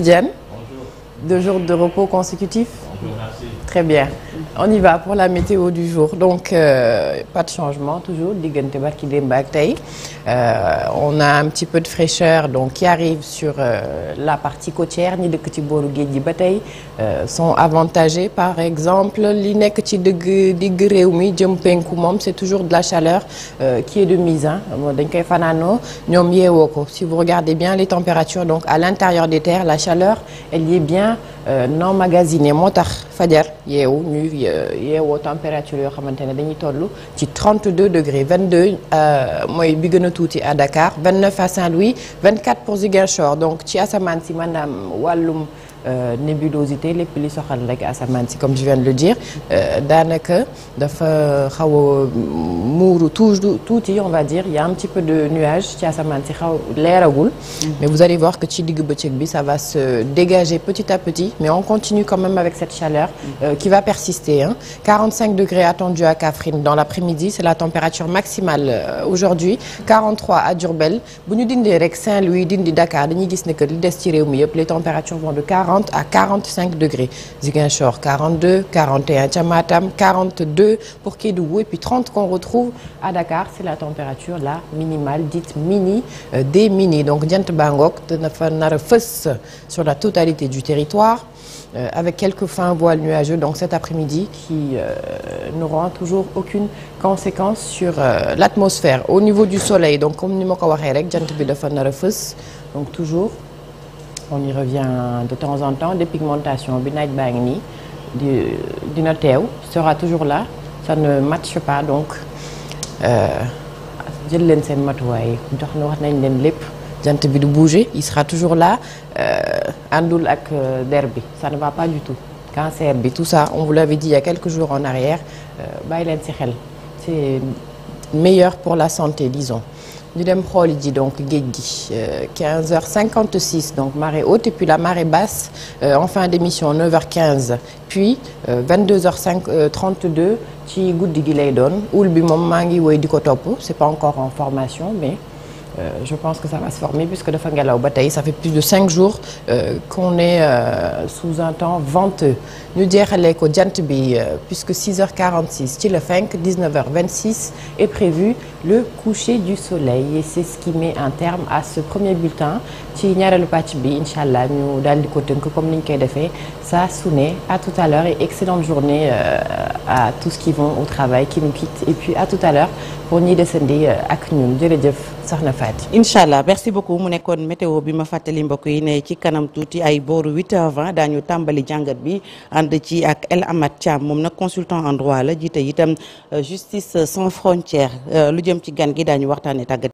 quotidienne, deux jours de repos consécutifs. Merci. Très bien on y va pour la météo du jour donc euh, pas de changement toujours diggante barki démb ak tey euh, on a un petit peu de fraîcheur donc qui arrive sur euh, la partie côtière ñi dëkk ci booru géej gi ba tey euh, sont avantagés par exemple li nekk ci dëgg digg réew mi jëm penku moom c'est toujours de la chaleur euh, qui est de mise hein dañ koy fanaanoo ñoom yeewoo ko si vous regardez bien les températures donc à l'intérieur des terres la chaleur elle y est bien non magasinée moo tax fajar yeewu ñuy euh, yeewoo température yoo xamante ne dañuy toll ci 32 degrés 22 euh, mooy bi gën a tuuti à Dakar 29 à Saint-Louis 24 pour Ziguinchor donc ci asamaan si maanaam wàllum. Euh, nébulosité le li soxal rek asamaan si comme je viens de le dire euh, daanaka dafa xaw a muuru toujours tuuti on va dire il y a un petit peu de nuage ci asamaan si xaw leeragul. Mm. mais vous allez voir que ci digg bëccëg bi ça va se dégager petit à petit mais on continue quand même avec cette chaleur. Mm. Euh, qui va persister hein. 45 degrés attendus à Kaffrine dans l'après-midi c'est la température maximale euh, aujourd'hui 43 à Diourbel ñu dindi rek Saint-Louis dindi Dakar dañuy gis ne que li des ci réew mi yëpp les températures 40 à 45 degrés Ziguinchor 42 41 ca Matam 42 pour Kédougou et puis 30 qu'on retrouve à Dakar la température la minimale dite mini euh, des mini donc jant baa ngoog fa nar a fës sur la totalité du territoire euh, avec quelques fins voiles nuageux donc cet après-midi qui euh, n'auront toujours aucune conséquence sur euh, au niveau du soleil donc comme ni ma ko waxee rek jant bi dafa nar a fës toujours on y revient de temps en temps dépigmentation bi naaj baa ngi nii di dina teew sera toujours là ça ne matche pas donc euh, jël leen seen matuwaay jox na wax nañ leen lépp jant bi du bouger il sera toujours là euh, àndul ak euh, der bi ça ne va pas du tout cancer bi tout ça on vous l'avait dit il y a quelques jours en arrière bàyyi leen ci xel c'est meilleur pour la santé disons ñu dem xooli ji donc géej gi 15h56 euh, donc marée haute et puis la marée basse euh, en fin d'émission 9h15 puis 22h5 euh, 32 ci guddi gi lay doon houle bi moom maa ngi woy di ko topp c'est pas encore en formation mais. Euh, je pense que ça va se former puisque ngelaw ba tey ça fait plus de cinq jours euh, qu'on est euh, sous ñu jeexalee ko jant bi puisque 6h46 ci la fenk 19h26 est prévu le coucher du soleil et c'est ce qui met un terme à ce premier bulletin ci ñaareelu pàcc bi incha allah ñu daal di ko tënk comme ni ñu koy defee saa su ne à tout à l'heure et excellente journée à tous qui vont au travail ak jërëjëf. soxna Fatou. incha allah merci beaucoup mu nekkoon météo bi ma fàttali mbokk yi ne ci kanam tuuti ay booru 8h20 daañu tàmbali jàngat bi ànd ci ak El Amath Thiam moom nag consultant en droit la jiite itam euh, justice sans frontières euh, lu jëm ci gan gi daañu waxtaanee tàggat.